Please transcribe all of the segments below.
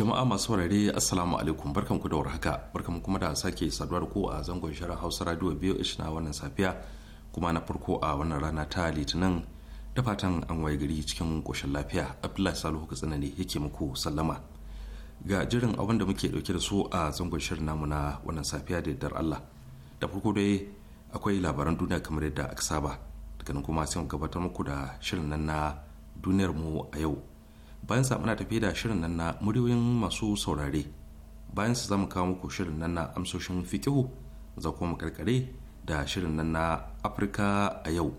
jama'a masu saurare assalamu alaikum barkan ku da warhaka barkan kuma da sake saduwa da ku a zangon shirin hausa radio biyu na wannan safiya kuma na farko a wannan rana ta litinin da fatan an waye gari cikin koshin lafiya abdullahi salihu katsina ne yake muku sallama ga jirin abin da muke dauke da su a zangon shirin namu na wannan safiya da yardar allah da farko dai akwai labaran duniya kamar yadda aka saba daga nan kuma sai mu gabatar muku da shirin nan na duniyar mu a yau bayan sa muna tafi da shirin nan na muryoyin masu saurare bayan sa zamu kawo muku shirin nan na amsoshin fikihu za kuma karkare da shirin nan na afirka a yau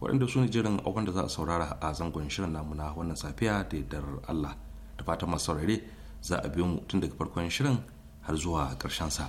waɗanda su ne jiran abin da za a saurara a zangon shirin namu na wannan safiya da dar allah ta fatan masu saurare za a biyo mu tun daga farkon shirin har zuwa ƙarshen sa.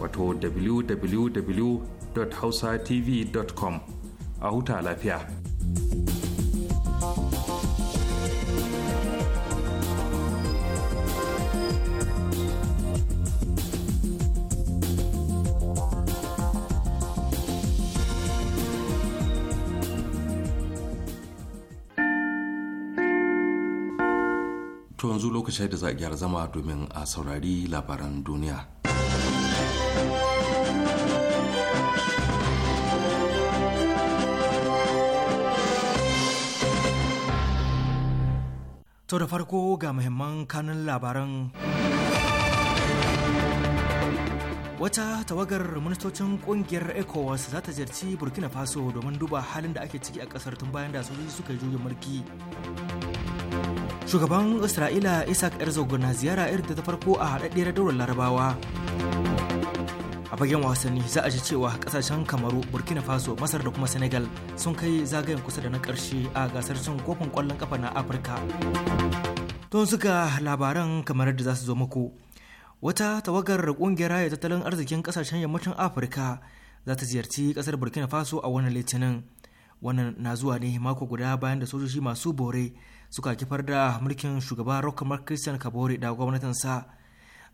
wato www.hausatv.com a huta lafiya. To yanzu lokacin da za a gyara zama domin a saurari labaran duniya. To da farko ga muhimman kanun labaran. Wata tawagar ministocin kungiyar ECOWAS za ta ziyarci Burkina Faso domin duba halin da ake ciki a kasar tun bayan da sojoji suka yi mulki. Shugaban Isra'ila Isaac Herzog na ziyara irin ta farko a haɗaɗɗiyar daular Larabawa. a fagen wasanni za a ji cewa kasashen kamaru burkina faso masar da kuma senegal sun kai zagayen kusa da na karshe a gasar cin kofin kwallon kafa na afirka tun suka labaran kamar da za su zo muku wata tawagar kungiyar raya tattalin arzikin kasashen yammacin afirka za ta ziyarci kasar burkina faso a wannan litinin wannan na zuwa ne mako guda bayan da sojoji masu bore suka kifar da mulkin shugaba rock mark christian kabore da gwamnatinsa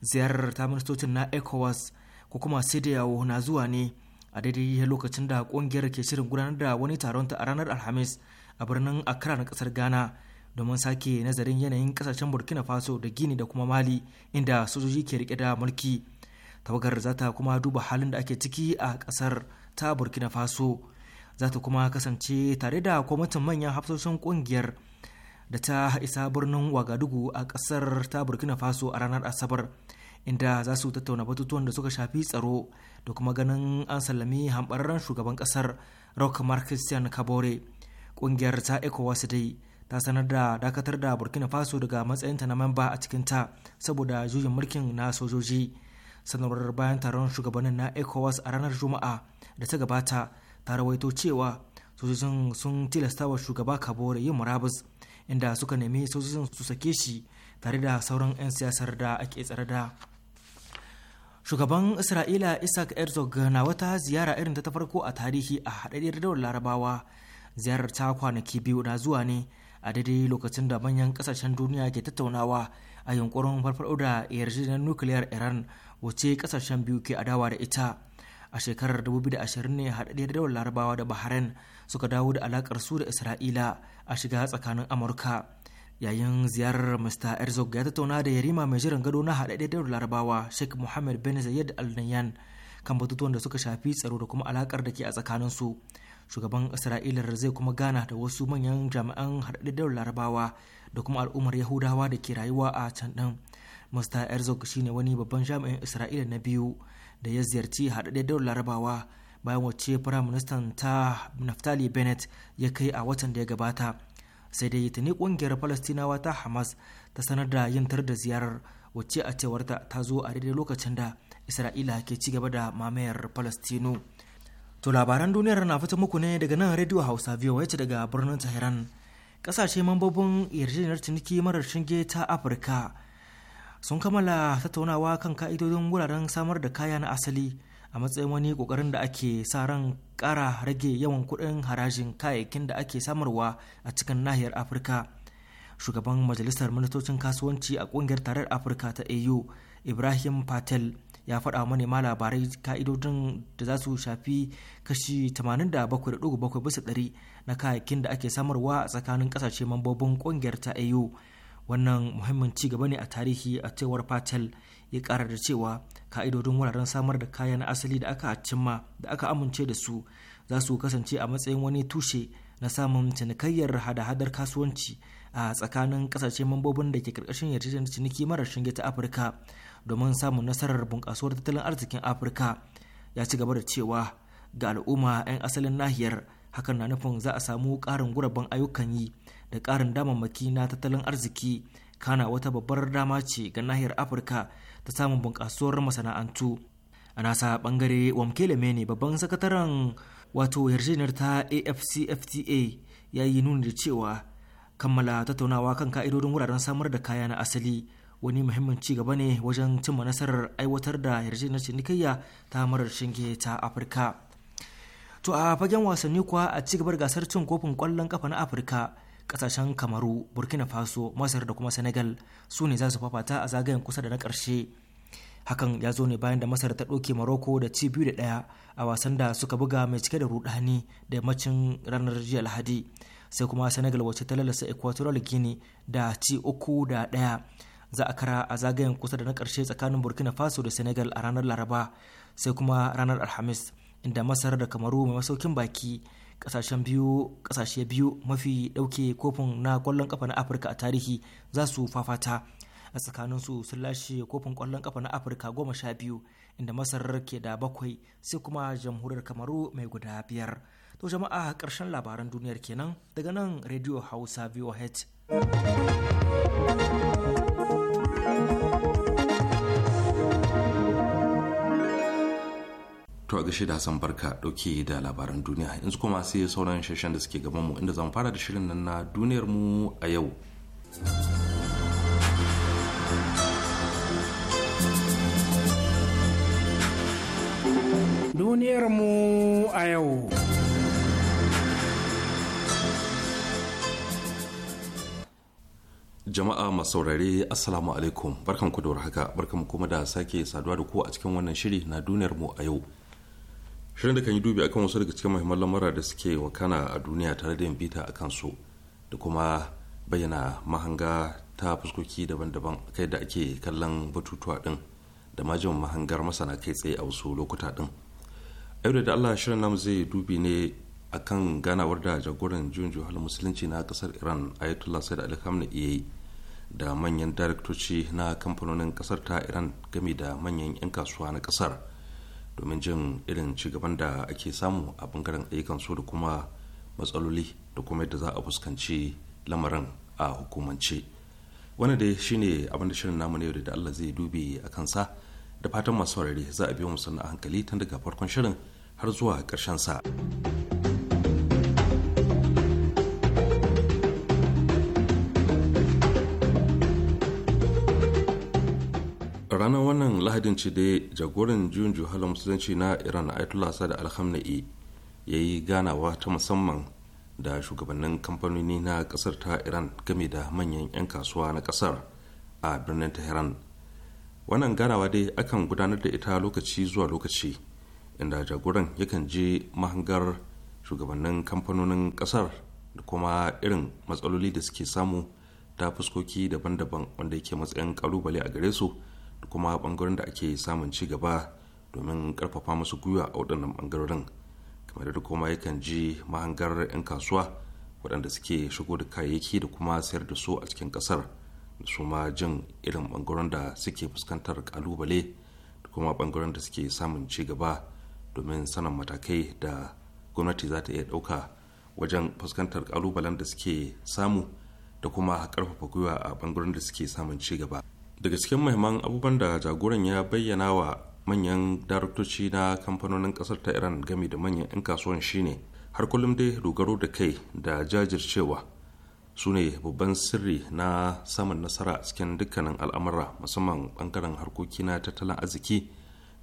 ziyarar ta ministocin na ecowas ko kuma sai da yawo na zuwa ne a daidai lokacin da kungiyar ke shirin gudanar da wani taron ta a ranar alhamis a birnin accra na kasar ghana domin sake nazarin yanayin kasashen burkina faso da gini da kuma mali inda sojoji ke rike da mulki tawagar za ta kuma duba halin da ake ciki a kasar ta burkina faso za ta kuma kasance tare da kwamitin manyan hafsoshin kungiyar da ta isa birnin wagadugu a kasar ta burkina faso a ranar asabar inda za su tattauna batutuwan da suka shafi tsaro da kuma ganin an sallami hambararren shugaban kasar rock mark christian kabore kungiyar ta ecowas dai ta sanar da dakatar da burkina faso daga matsayinta na mamba a cikinta saboda juyin mulkin na sojoji sanarwar bayan taron shugabannin na ecowas a ranar juma'a da ta gabata ta rawaito cewa sojojin sun tilasta wa shugaba kabore yin murabus inda suka nemi sojojin su sake shi tare da sauran 'yan siyasar da ake tsare da shugaban isra'ila isaac herzog na wata ziyara irin ta ta farko a tarihi a haɗaɗɗiyar dawar larabawa ziyarar ta kwanaki biyu na zuwa ne a daidai lokacin da manyan kasashen duniya ke tattaunawa a yunkurin farfaɗo da yarjejeniyar nukiliyar iran wace kasashen biyu ke adawa da ita a shekarar 2020 ne haɗaɗɗiyar dawar larabawa da bahrain suka dawo da alakar su da isra'ila a shiga tsakanin amurka yayin ziyarar mr erzog ya tattauna da yarima mai jiran gado na da larabawa sheikh mohammed bin zayed al nahyan kan batutuwan da suka shafi tsaro da kuma alakar da ke a tsakaninsu shugaban isra'ila zai kuma gana da wasu manyan jami'an da larabawa da kuma al'ummar yahudawa da ke rayuwa a can ɗin mr herzog shine wani babban jami'in isra'ila na biyu da ya ziyarci da larabawa bayan wacce firaministan ta naftali bennett ya kai a watan da ya gabata sai dai tuni kungiyar falastinawa ta hamas ta sanar da yin tar da ziyarar wacce a cewarta ta zo a daidai lokacin da isra'ila ke ci gaba da mamayar falastinu to labaran duniyar na fita muku ne daga nan radio hausa voa daga birnin tehran kasashe mambobin yarjejeniyar ciniki marar shinge ta afirka sun kammala tattaunawa kan ka'idodin wuraren samar da kaya na asali a matsayin wani kokarin da ake sa ran kara rage yawan kuɗin harajin kayayyakin da ake samarwa a cikin nahiyar afirka shugaban majalisar ministocin kasuwanci a kungiyar tarar afirka ta au ibrahim patel ya faɗa manema labarai ka'idodin da za su shafi kashi 87.7 bisa ɗari na kayayyakin da ake samarwa a tsakanin ƙasashe mambobin ƙungiyar ta au wannan muhimmin ci gaba ne a tarihi a cewar patel ya ƙara da cewa ka'idodin wuraren samar da kaya na asali da aka cimma da aka amince da su za su kasance a matsayin wani tushe na samun cinikayyar hada-hadar kasuwanci a tsakanin kasashe mambobin da ke karkashin yarjejeniyar ciniki marar shinge ta afirka domin samun nasarar bunƙasuwar tattalin arzikin afirka ya ci gaba da cewa ga al'umma 'yan asalin nahiyar hakan na nufin za a samu ƙarin guraben ayyukan yi da ƙarin damammaki na tattalin arziki kana wata babbar dama ce ga nahiyar afirka ta samun bunƙasuwar masana'antu a nasa bangare wamkele mene babban sakataren wato yarjejeniyar ta afcfta ya yi nuni da cewa kammala tattaunawa kan ka'idodin wuraren samar da kaya na asali wani muhimmin ci gaba ne wajen cimma nasarar aiwatar da yarjejeniyar cinikayya ta marar shinge ta afirka to a fagen wasanni kuwa a ci gabar gasar cin kofin kwallon kafa na afirka kasashen kamaru burkina faso masar da kuma senegal su ne za su fafata a zagayen kusa da na karshe hakan ya zo ne bayan da masar ta ɗauke maroko da ci biyu da ɗaya a wasan da suka buga mai cike da rudani da yammacin ranar jiya lahadi sai kuma senegal wacce ta lalasa equatorial guinea da ci uku da ɗaya za a kara a zagayen kusa da na karshe tsakanin burkina faso da senegal a ranar laraba sai kuma ranar alhamis inda masar da kamaru mai masaukin baki kasashen biyu kasashe biyu mafi dauke kofin na kwallon kafa na afirka a tarihi za su fafata a tsakanin su sun lashe kofin kwallon kafa na afirka goma sha biyu inda masar ke da bakwai sai kuma jamhuriyar kamaru mai guda biyar to jama'a karshen labaran duniyar kenan daga nan radio hausa voh To ga shida san barka dauke da labaran duniya yanzu kuma sai sauran shashen da suke gaban mu inda zan fara da shirin nan na duniyar mu a yau. Duniyar mu a yau. Jama'a masaurare Assalamu alaikum barkan ku da warhaka barkan kuma da sake saduwa da ku a cikin wannan shiri na duniyar mu a yau. shirin da kan yi dubi akan wasu daga cikin muhimman lamura da suke wakana a duniya tare da yin bita a kansu da kuma bayyana mahanga ta fuskoki daban-daban kai da ake kallon batutuwa din da majin mahangar masana kai tsaye a wasu lokuta din a da allah shirin namu zai dubi ne akan ganawar da jagoran junju halin musulunci na kasar iran ayatollah said ali khamenei iya da manyan daraktoci na kamfanonin kasar ta iran game da manyan 'yan kasuwa na kasar domin jin irin cigaban da ake samu a bangaren ayyukan su da kuma matsaloli da kuma yadda za a fuskanci lamarin a hukumance wani dai shine abin da shirin namu ne da Allah zai dubi a kansa da fatan masu za a biyo musamman a hankali tun daga farkon shirin har zuwa ƙarshen sa. lahadin ce dai jagoran juyin juhalar musulunci na iran ayatollah da alhamna'i ya yi ganawa ta musamman da shugabannin kamfanoni na kasar ta iran game da manyan 'yan kasuwa na kasar a birnin tehran wannan ganawa dai akan gudanar da ita lokaci zuwa lokaci inda jagoran yakan je mahangar shugabannin kamfanonin kasar da kuma irin matsaloli da suke samu ta fuskoki daban-daban wanda yake matsayin kalubale a gare su da kuma bangaren da ake samun ci gaba domin karfafa musu gwiwa a waɗannan bangarorin kamar da kuma yakan ji mahangar 'yan kasuwa waɗanda suke shigo da kayayyaki da kuma sayar da su a cikin ƙasar da su ma jin irin bangaren da suke fuskantar kalubale da kuma bangaren da suke samun ci gaba domin sanin matakai da gwamnati za ta iya ɗauka wajen fuskantar kalubalen da suke samu da kuma karfafa gwiwa a bangaren da suke samun ci gaba daga cikin mahimman abubuwan da jagoran ya bayyana wa manyan daraktoci na kamfanonin kasar ta iran gami da manyan 'yan kasuwan shine har kullum dai dogaro da kai da jajircewa su ne babban sirri na samun nasara cikin dukkanin al'amura musamman bangaren harkoki na tattalin arziki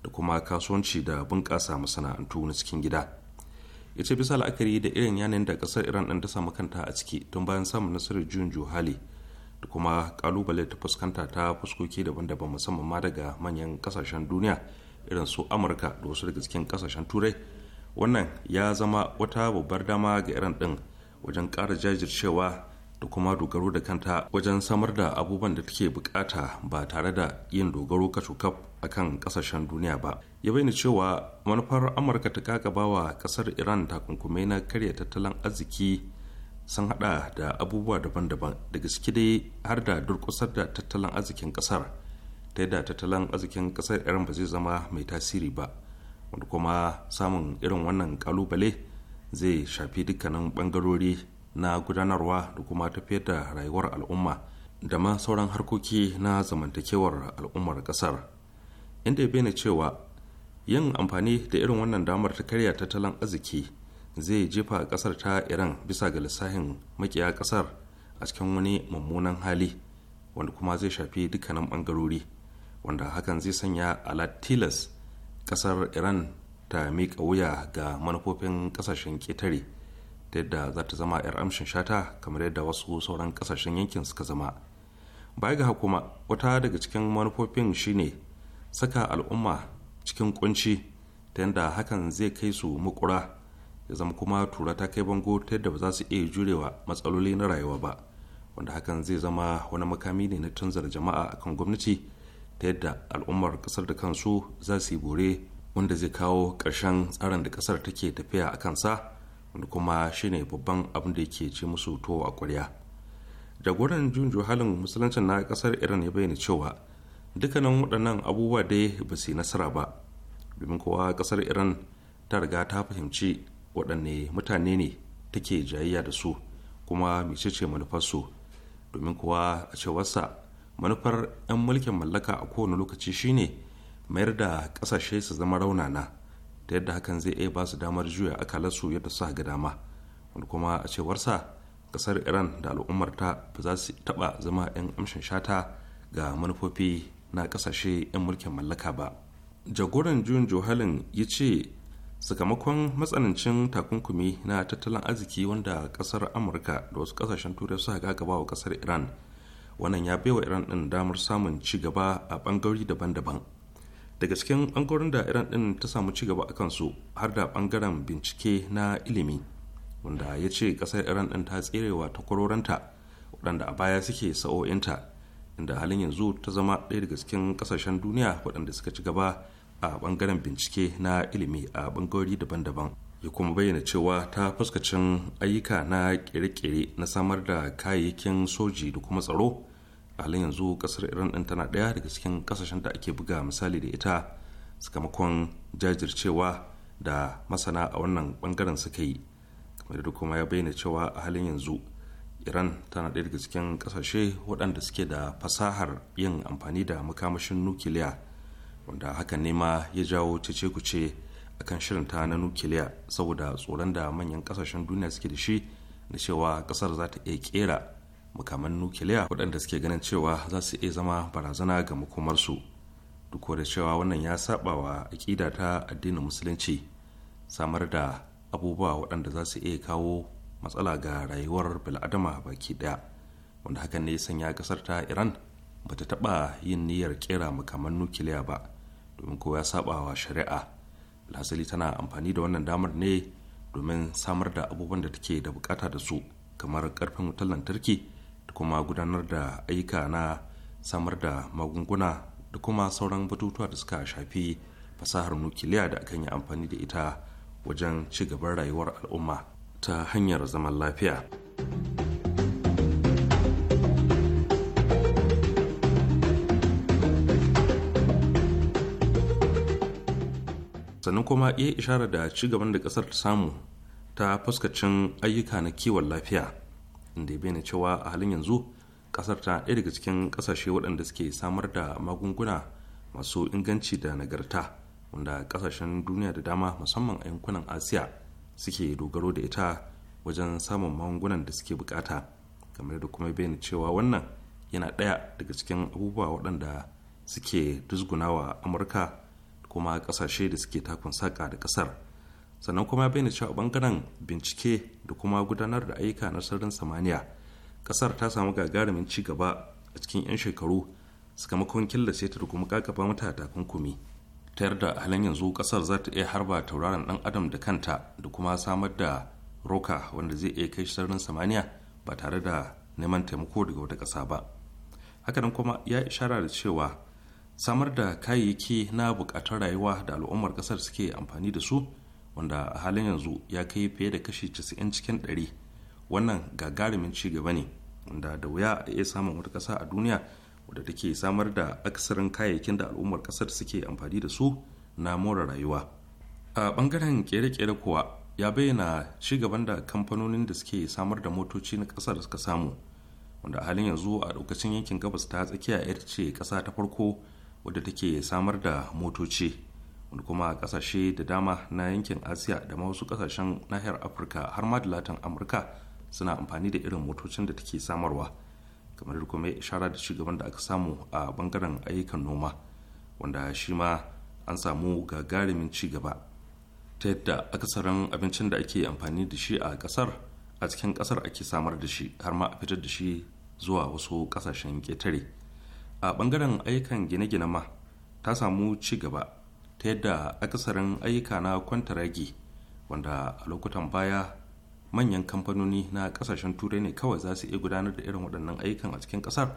da kuma kasuwanci da bunƙasa masana'antu na cikin gida ita bisa la'akari da irin yanayin da ƙasar iran ɗin ta samu kanta a ciki tun bayan samun nasarar juyin juhali da kuma kalubale ta fuskanta ta fuskoki daban-daban musamman ma daga manyan kasashen duniya irin su amurka da wasu daga cikin kasashen turai wannan ya zama wata babbar dama ga irin ɗin wajen ƙara jajircewa da kuma dogaro da kanta wajen samar da abubuwan da take bukata ba tare da yin dogaro ka kacukaf a kan kasashen duniya ba ya bayyana cewa manufar amurka ta kaka wa kasar iran takunkumai na karya tattalin arziki sun hada da abubuwa daban-daban daga gaske dai har da durkusar da tattalin arzikin kasar ta yadda tattalin arzikin kasar iran ba zai zama mai tasiri ba wanda kuma samun irin wannan kalubale zai shafi dukkanin bangarori na gudanarwa da kuma tafiyar da rayuwar al'umma da ma sauran harkoki na zamantakewar al'ummar kasar inda ya bayyana cewa yin amfani da irin wannan damar ta karya tattalin arziki zai jefa kasar ta iran bisa ga lissafin makiya kasar a cikin wani mummunan hali wanda kuma zai shafi dukkanin bangarori wanda hakan zai sanya alatilas kasar iran ta miƙa wuya ga manufofin kasashen ƙetare ta yadda za ta zama 'yar amshin shata kamar yadda wasu sauran kasashen yankin suka zama baya ga hakuma wata daga cikin manufofin shine saka al'umma cikin kunci ta yadda hakan zai kai su mukura ya zama kuma tura ta kai bango ta yadda ba za su iya jurewa matsaloli na rayuwa ba wanda hakan zai zama wani makami ne na canzar jama'a akan gwamnati ta yadda al'ummar kasar da kansu za su yi bore wanda zai kawo ƙarshen tsarin da kasar take tafiya a kansa wanda kuma shine babban abin da yake ci musu to a ƙwarya jagoran junju halin musuluncin na kasar iran ya bayyana cewa dukkanin waɗannan abubuwa dai ba su yi nasara ba domin kowa kasar iran ta riga ta fahimci waɗanne mutane ne take jayayya da su kuma mecece manufarsu domin kuwa a cewarsa manufar 'yan mulkin mallaka a kowane lokaci shine mayar da ƙasashe su zama raunana ta yadda hakan zai iya ba su damar juya akalarsu yadda su ga dama wani kuma a cewarsa ƙasar iran da al'ummarta ba za su taɓa zama 'yan amshin shata ga manufofi na ƙasashe 'yan mulkin mallaka ba jagoran juyin johalin ya ce sakamakon matsanancin takunkumi na tattalin arziki wanda kasar amurka da wasu kasashen turai suka gagaba wa kasar iran wannan ya baiwa iran din damar samun ci gaba a bangarori daban-daban daga cikin bangarorin da iran din ta samu ci gaba a kansu har da bangaren bincike na ilimi wanda ya ce kasar iran din ta tserewa ta kwaroranta waɗanda a baya suke sa'o'inta inda halin yanzu ta zama ɗaya daga cikin kasashen duniya waɗanda suka ci gaba a bangaren bincike na ilimi a bangarori daban-daban ya kuma bayyana cewa ta fuskacin ayyuka na kere-kere na samar da kayayyakin soji da kuma tsaro A halin yanzu kasar iran din tana ɗaya daga cikin kasashen da ake buga misali da ita sakamakon jajircewa da masana a wannan bangaren suka yi kamar da kuma ya bayyana cewa a halin yanzu iran tana ɗaya daga cikin kasashe waɗanda suke da fasahar yin amfani da makamashin nukiliya wanda hakan ne ma ya jawo cece kuce akan shirin ta na nukiliya saboda tsoron da manyan kasashen duniya suke da shi na cewa kasar za ta iya kera mukaman nukiliya waɗanda suke ganin cewa za su iya zama barazana ga makomarsu duk da cewa wannan ya saba wa aƙida ta addinin musulunci samar da abubuwa waɗanda za su iya kawo matsala ga rayuwar bil'adama baki ɗaya wanda hakan ne sanya ƙasar ta iran ba ta taɓa yin niyyar kera makaman nukiliya ba domin kowa ya saba wa shari'a lasali tana amfani da wannan damar ne domin samar da abubuwan da take da bukata da su kamar karfin wutar lantarki da kuma gudanar da ayyuka na samar da magunguna da kuma sauran batutuwa da suka shafi fasahar nukiliya da akan yi amfani da ita wajen ci gaban rayuwar al'umma ta hanyar zaman lafiya. sannan kuma iya ishara da ci gaban da kasar ta samu ta fuskacin ayyuka na kiwon lafiya inda ya na cewa a halin yanzu kasar ta ɗaya daga cikin ƙasashe waɗanda suke samar da magunguna masu inganci da nagarta wanda kasashen duniya da dama musamman a yankunan asiya suke dogaro da ita wajen samun magungunan da suke bukata kamar da kuma bai cewa wannan yana ɗaya daga cikin abubuwa waɗanda suke dusgunawa amurka kuma kasashe da suke takun saƙa da ƙasar sannan kuma ya bayyana cewa bangaren bincike da kuma gudanar da ayyuka na sararin samaniya ƙasar ta samu gagarumin ci gaba a cikin 'yan shekaru sakamakon killace ta da kuma kakafa mata takunkumi ta yarda a halin yanzu ƙasar za ta iya harba tauraron ɗan adam da kanta da kuma samar da roka wanda zai iya kai sararin samaniya ba tare da neman taimako daga wata ƙasa ba hakanan kuma ya ishara da cewa samar da kayayyaki na bukatar rayuwa da al'ummar kasar suke amfani da su wanda a halin yanzu ya kai fiye da kashi 90 cikin 100 wannan gagarumin ci gaba ne wanda da wuya a iya samun wata ƙasa a duniya wadda take samar da aksarin kayayyakin da al'ummar kasar suke amfani da su na more rayuwa a bangaren kere-kere kuwa ya bayyana ci gaban da kamfanonin da suke samar da motoci na ƙasar suka samu wanda a halin yanzu a lokacin yankin gabas ta tsakiya yar ce ƙasa ta farko wadda take samar da motoci wanda kuma kasashe da dama na yankin asiya da ma wasu kasashen nahiyar afirka har ma da latin amurka suna amfani da irin motocin da take samarwa kamar da kuma ishara da shugaban da aka samu a bangaren ayyukan noma wanda shi ma an samu gagarumin ci gaba ta yadda akasarin abincin da ake amfani da shi a kasar a cikin kasar ake samar da shi har ma a fitar da shi zuwa wasu kasashen ketare a bangaren aikan gine-gine ma ta samu ci gaba ta yadda akasarin ayyuka na kwantaragi wanda a lokutan baya manyan kamfanoni na kasashen turai ne kawai za su iya gudanar da irin waɗannan ayyukan a cikin ƙasar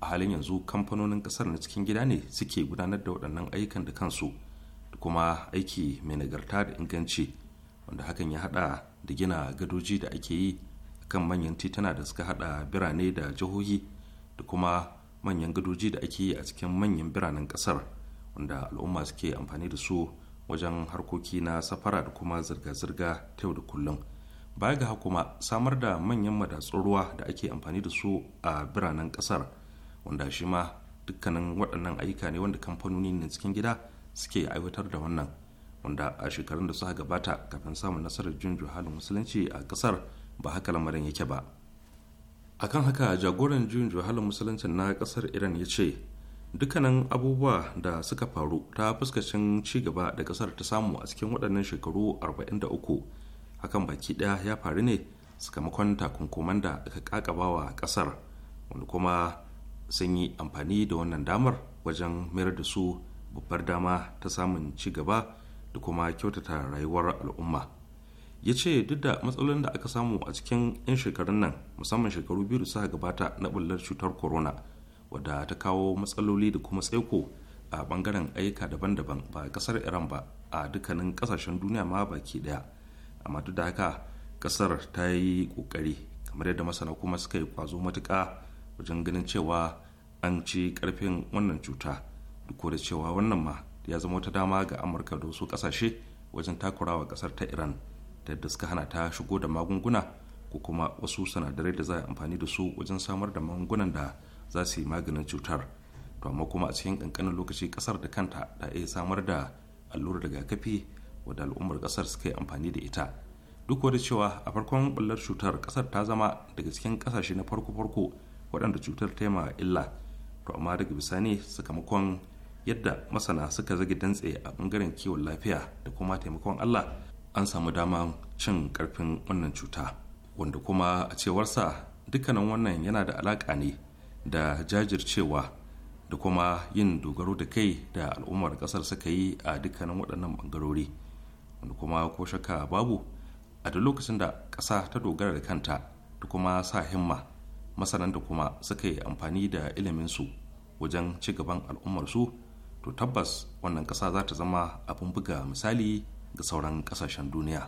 a halin yanzu kamfanonin ƙasar na cikin gida ne suke gudanar da waɗannan ayyukan da kansu da kuma aiki mai nagarta da inganci wanda hakan ya haɗa da gina gadoji da ake yi kan manyan titina da suka haɗa birane da jihohi da kuma manyan gadoji da ake yi a cikin manyan biranen kasar wanda al'umma suke amfani da su wajen harkoki na safara da kuma zirga-zirga ta yau da kullum baya ga kuma samar da manyan madatsun ruwa da ake amfani da su a biranen kasar wanda shi ma dukkanin waɗannan ayyuka ne wanda kamfanoni na cikin gida suke aiwatar da wannan wanda a shekarun da suka gabata kafin samun nasarar jin halin musulunci a kasar ba haka lamarin yake ba akan haka jagoran juyin juhalin musuluncin na kasar iran ya ce dukkanin abubuwa da suka faru ta fuskacin ci gaba da kasar ta samu a cikin waɗannan shekaru 43 hakan baki ɗaya ya faru ne sakamakon takunkuman da aka kakabawa kasar wani kuma sun yi amfani da wannan damar wajen mayar da su babbar dama ta samun ci gaba da kuma kyautata rayuwar al'umma ya ce duk da matsalolin da aka samu a cikin 'yan shekarun nan musamman shekaru biyu da suka gabata na bullar cutar corona wadda ta kawo matsaloli da kuma tsaiko a bangaren ayyuka daban-daban ba kasar iran ba a dukkanin kasashen duniya ma baki daya amma duk da haka kasar ta yi kokari kamar yadda masana kuma suka yi kwazo matuka wajen ganin cewa an ci karfin wannan cuta duk da cewa wannan ma ya zama wata dama ga amurka da wasu kasashe wajen takurawa kasar ta iran da yadda suka hana ta shigo da magunguna ko kuma wasu sanadarai da za a amfani da su wajen samar da magungunan da za su yi maganin cutar to amma kuma a cikin kankanin lokaci kasar da kanta da iya samar da allurar rigakafi wadda al'ummar kasar suka yi amfani da ita duk da cewa a farkon bullar cutar kasar ta zama daga cikin kasashe na farko-farko waɗanda cutar ta yi illa to amma daga bisani sakamakon yadda masana suka zage dantse a ɓangaren kiwon lafiya da kuma taimakon allah an samu dama cin karfin wannan cuta wanda kuma a cewarsa dukkanin wannan yana da alaƙa ne da jajircewa da kuma yin dogaro da kai da al'ummar ƙasar suka yi a dukkanin waɗannan ɓangarori wanda kuma ko shakka babu a duk lokacin da ƙasa ta dogara da kanta da kuma sa himma masanan da kuma suka yi amfani da iliminsu wajen ci gaban al'ummarsu to tabbas wannan ƙasa za ta zama abin buga misali ga sauran kasashen duniya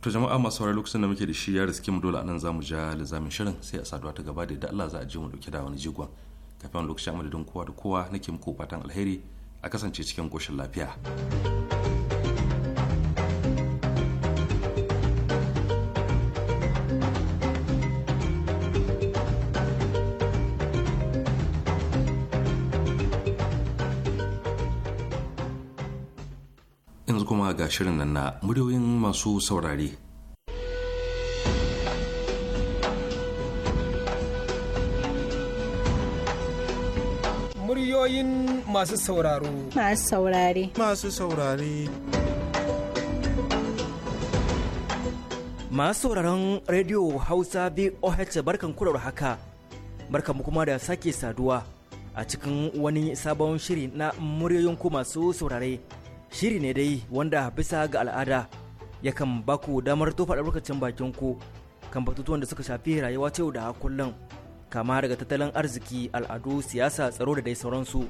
to jama'a masu saurari lokacin da muke da shi ya riske mu dole anan zamu ja lizamin shirin sai a saduwa ta gaba da yadda Allah za a ji mu dauke da wani jigon kafin lokacin amadadin kowa da kowa nake muku fatan alheri a kasance cikin koshin lafiya. shirin nan na muryoyin masu saurare. Muryoyin masu sauraro. Masu saurare. Masu saurare. Masu sauraron Radio Hausa boh barkan kurar haka, barkan kuma da sake saduwa a cikin wani sabon shiri na muryoyin ku masu saurare. shiri ne dai wanda bisa ga al'ada yakan baku damar tofa lokacin bakin ku kan batutuwan da suka shafi rayuwa ta yau da kullum kama daga tattalin arziki al'adu siyasa tsaro da dai sauransu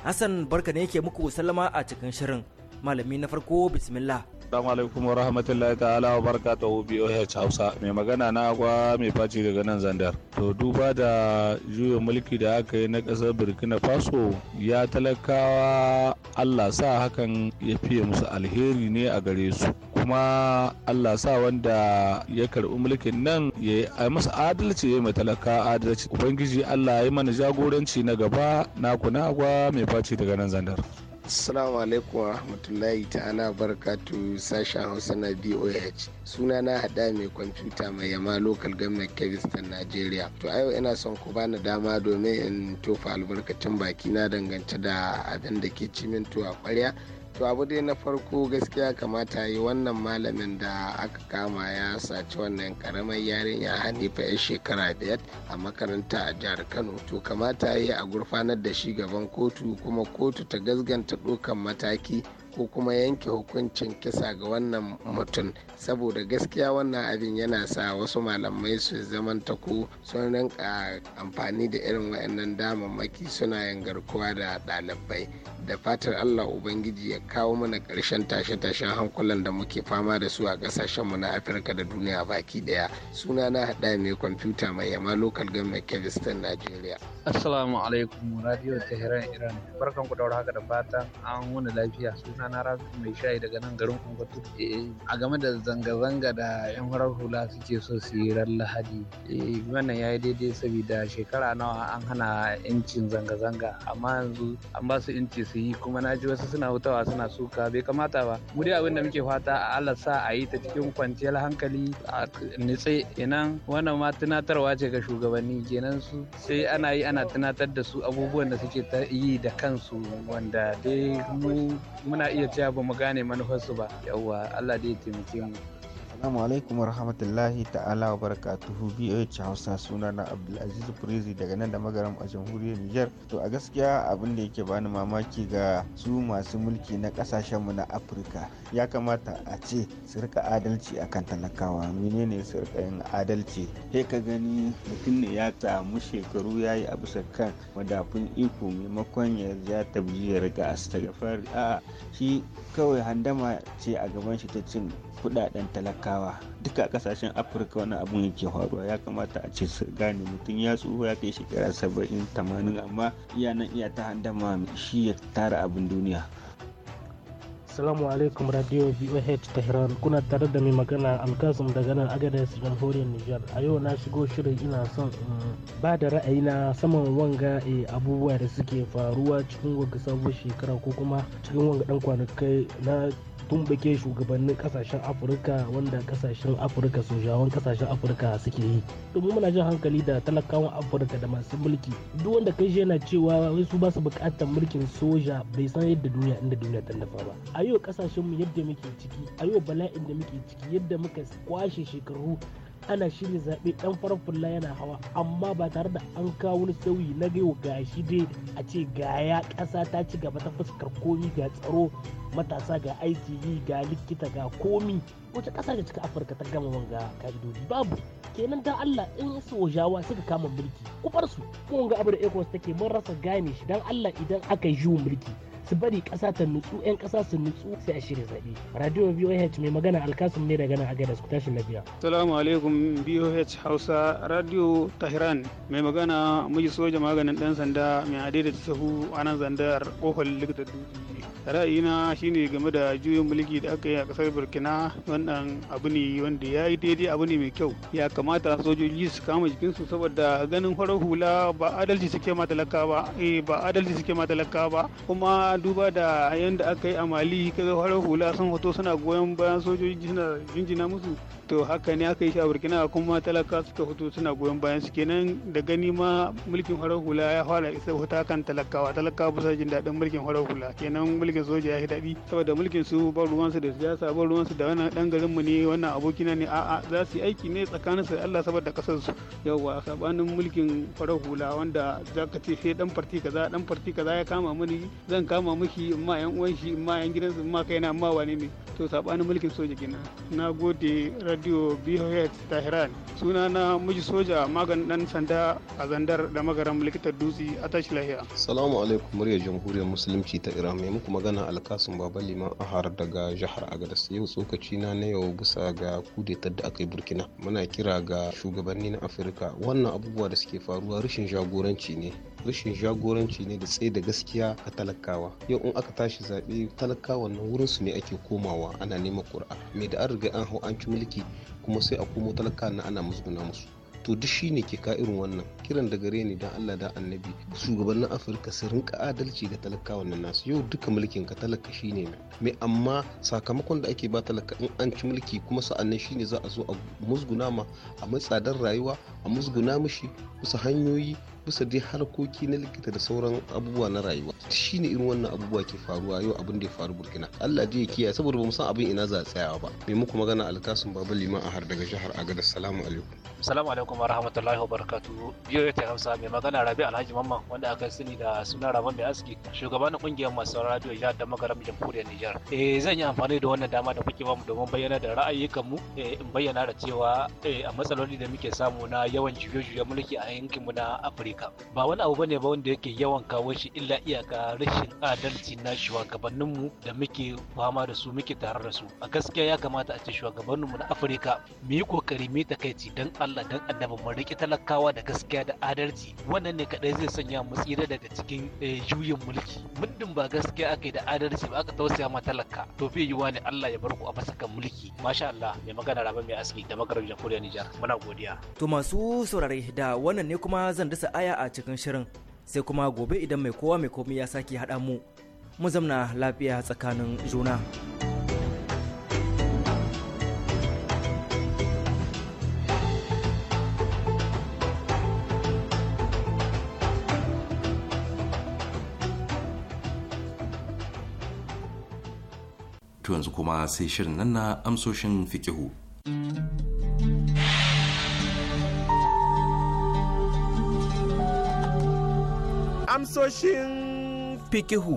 hassan barka ne yake muku sallama a cikin shirin malami na farko bismillah Assalamu alaikum wa rahmatullahi ta'ala wa barakatuhu BOH Hausa. Mai magana na agwa mai faci daga nan Zandar. To duba da juyin mulki da aka yi na ƙasar Burkina Faso ya talakawa Allah sa hakan ya fiye musu alheri ne a gare su. Kuma Allah sa wanda ya karɓi mulkin nan ya yi masa adalci ya mai talaka adalci. Ubangiji Allah ya yi mana jagoranci na gaba na kuna agwa mai faci daga nan Zandar. Assalamu alaikum wa rahmatullahi ta'ala barkatu sashen Hausa na BOH. Suna na hada mai kwamfuta mai yama local government Kevistan nigeria To a yau ina son ku bani dama domin in tofa albarkacin baki na dangance da abin da ke cimin tuwa kwarya to abu dai na farko gaskiya kamata yi wannan malamin da aka kama ya saci wannan karamar yarinya hanifa ya shekara biyar a makaranta a jihar kano to kamata yi a gurfanar da shi gaban kotu kuma kotu ta gasganta ɗaukan mataki ko kuma yanke hukuncin kisa ga wannan mutum saboda gaskiya wannan abin yana sa wasu malamai su zaman ko sun rinka amfani da irin waɗannan damammaki suna yin garkuwa da ɗalibai da fatar allah ubangiji ya kawo mana ƙarshen tashe-tashen hankulan da muke fama da su a ƙasashenmu na afirka da duniya baki daya suna na haɗa mai kwamfuta mai yama lokal government kevistan nigeria. Assalamu alaikum Radio Tehran Iran. Barkan ku daura haka da fatan an wani lafiya. Suna na Rafi mai shayi daga nan garin kungatu eh, A game da zanga-zanga da 'yan farar hula suke so su yi ran Lahadi. Eh, wannan ya yi daidai saboda shekara nawa an hana 'yancin zanga-zanga amma yanzu an ba su 'yanci su yi kuma na ji wasu suna hutawa suna suka bai kamata ba. Mu dai abin da muke fata a Allah sa a yi ta cikin kwanciyar hankali a nitse. Kenan wannan ma tunatarwa ce ga shugabanni kenan su sai ana yi ana ana tunatar da su abubuwan da suke ta yi da kansu wanda dai muna iya cewa ba mu gane manufarsu ba yawwa Allah da ya taimake mu Assalamu alaikum warahmatullahi ta'ala wa barakatuhu BOH Hausa suna na Abdulaziz Prezi daga nan da magaram a jamhuriyar Nijar. To a gaskiya abin da yake bani mamaki ga su masu mulki na kasashen mu na Afirka. Ya kamata a ce su rika adalci akan talakawa. Menene su rika yin adalci? Sai ka gani mutum ne ya samu shekaru yayi a bisa kan madafun iko maimakon ya ja tabji ya rika astaghfar a'a shi kawai handama ce a gaban shi ta cin kudaden talaka talakawa a kasashen afirka wani abun yake faruwa ya kamata a ce su gane mutum ya tsufa ya kai shekara saba'in tamanin amma iya nan iya ta handama shi ya tara abin duniya salamu alaikum Radio VOH Tehran kuna tare da mai magana alkazum daga nan Agadez Jamhuriyar Nijar. A yau na shigo shirin ina son ba da ra'ayi na saman wanga e abubuwa da suke faruwa cikin wanga sabuwar shekara ko kuma cikin wanga dan kwanakai na tumbuke shugabannin kasashen afirka wanda kasashen afirka sojawan kasashen afirka suke yi domin muna jin hankali da talakawan afirka da masu mulki duk wanda kai yana cewa wai su ba su bukatar mulkin soja bai san yadda duniya inda duniya ta dafa ba a yau kasashen mu yadda muke ciki a yau bala'in da muke ciki yadda muka kwashe shekaru ana shirya zaɓe ɗan farar fulla yana hawa amma ba tare da an kawo wani sauyi na gaiwa gashi dai a ce gaya ƙasa ta ci gaba ta fuskar komi ga tsaro matasa ga aiki e, ga likita ga komi wata ƙasa da cika afirka ta gama wanga ka'idodi babu kenan dan allah in sojawa suka kama mulki ku bar su ko wanga abu da ecos take mun rasa gane shi dan allah idan aka yi mulki su bari kasa ta nutsu 'yan kasa su nutsu sai a shirya zabe radio voh mai magana alkasun ne daga nan gaida su tashi lafiya salamu alaikum voh hausa radio tahiran mai magana miji soja maganin dan sanda mai ta sahu a nan zandar kofar likita ra'ayina shine game da juyin mulki da aka yi a kasar burkina wannan abu ne wanda ya yi daidai abu ne mai kyau ya kamata sojoji su kama jikinsu saboda ganin farar hula ba adalci suke ma ba eh, ba adalci suke ma talaka ba kuma duba da yadda aka yi a mali kaga farar hula sun hoto suna goyon bayan sojoji suna jinjina musu to haka ne aka yi shi a burkina kuma talaka suka fito suna goyon bayan su kenan da gani ma mulkin farar hula ya fara isa wata kan talakawa talakawa ba sa jin daɗin mulkin farar hula kenan mulkin soja ya yi daɗi saboda mulkin su ba ruwansu da siyasa ba ruwansu da wannan ɗan garin mu ne wannan abokina ne a'a za su yi aiki ne tsakanin su Allah saboda kasar su yawwa sabanin mulkin farar hula wanda za ka ce sai dan farti kaza dan farti kaza ya kama mini zan kama miki ma yan uwan shi in ma yan gidansu ma kaina ma wane ne to sabanin mulkin soja kenan na gode radio BOH Tehran. na miji soja maganin dan sanda a zandar da magaran likitar dutse a tashi lahiya. Salamu alaikum murya jamhuriyar musulunci ta Iran mai muku magana alkasun baba liman ahar daga jihar Agadas yau tsokaci na na yau bisa ga kudetar da aka yi Burkina. Muna kira ga shugabanni na Afirka wannan abubuwa da suke faruwa rashin jagoranci ne rashin jagoranci ne da tsaye da gaskiya ga talakawa yau in aka tashi zaɓe talakawa nan wurin su ne ake komawa ana neman ƙur'a mai da an riga an hau an ci mulki kuma sai a komo talaka na ana musguna musu to duk shi ne ke ka irin wannan kiran da gare ni don Allah da annabi shugabannin afirka su rinka adalci ga talakawa na nasu yau duka mulkin ka talaka shi ne mai amma sakamakon da ake ba talaka in an ci mulki kuma sa'annan shi ne za a zo a musguna ma a matsadar rayuwa a musguna mishi kusa hanyoyi bisa dai harkoki na likita da sauran abubuwa na rayuwa shi ne irin wannan abubuwa ke faruwa yau abin da ya faru burkina allah ji ya kiyaye saboda ba mu san abin ina za a tsayawa ba mai muku magana alkasun baba liman har daga jihar agada salamu alaikum salamu alaikum wa rahmatullahi wa barakatu biyo ta hausa mai magana rabi alhaji mamman wanda aka sani da suna rabon mai aski shugaban kungiyar masu radio jihar da magaram jamhuriyar nijar eh zan yi amfani da wannan dama da kuke bamu domin bayyana da ra'ayyukanmu eh, in bayyana da cewa eh, a matsaloli da muke samu na yawan juyo-juyo mulki a yankinmu na afirka haka ba wani abu bane ba wanda yake yawan kawo shi illa iyaka rashin adalci na mu da muke fama da su muke tare da su a gaskiya ya kamata a ce mu na afirka mu yi kokari mu takaici dan allah dan annabi mu riƙe talakawa da gaskiya da adalci wannan ne kadai zai sanya mu tsira daga cikin eh, juyin mulki muddin ba gaskiya aka yi da adalci ba aka tausaya ma talaka to bai yiwa ne allah ya bar ku a masakan mulki masha allah mai magana raba mai aski da magarar jamhuriyar nijar muna godiya to masu saurare da wannan ne kuma zan dasa aya tsaya a cikin shirin sai kuma gobe idan mai kowa mai komi ya sake haɗa mu mu zamna lafiya tsakanin juna. To yanzu kuma sai shirin nan na amsoshin fikihu. amsoshin fikihu.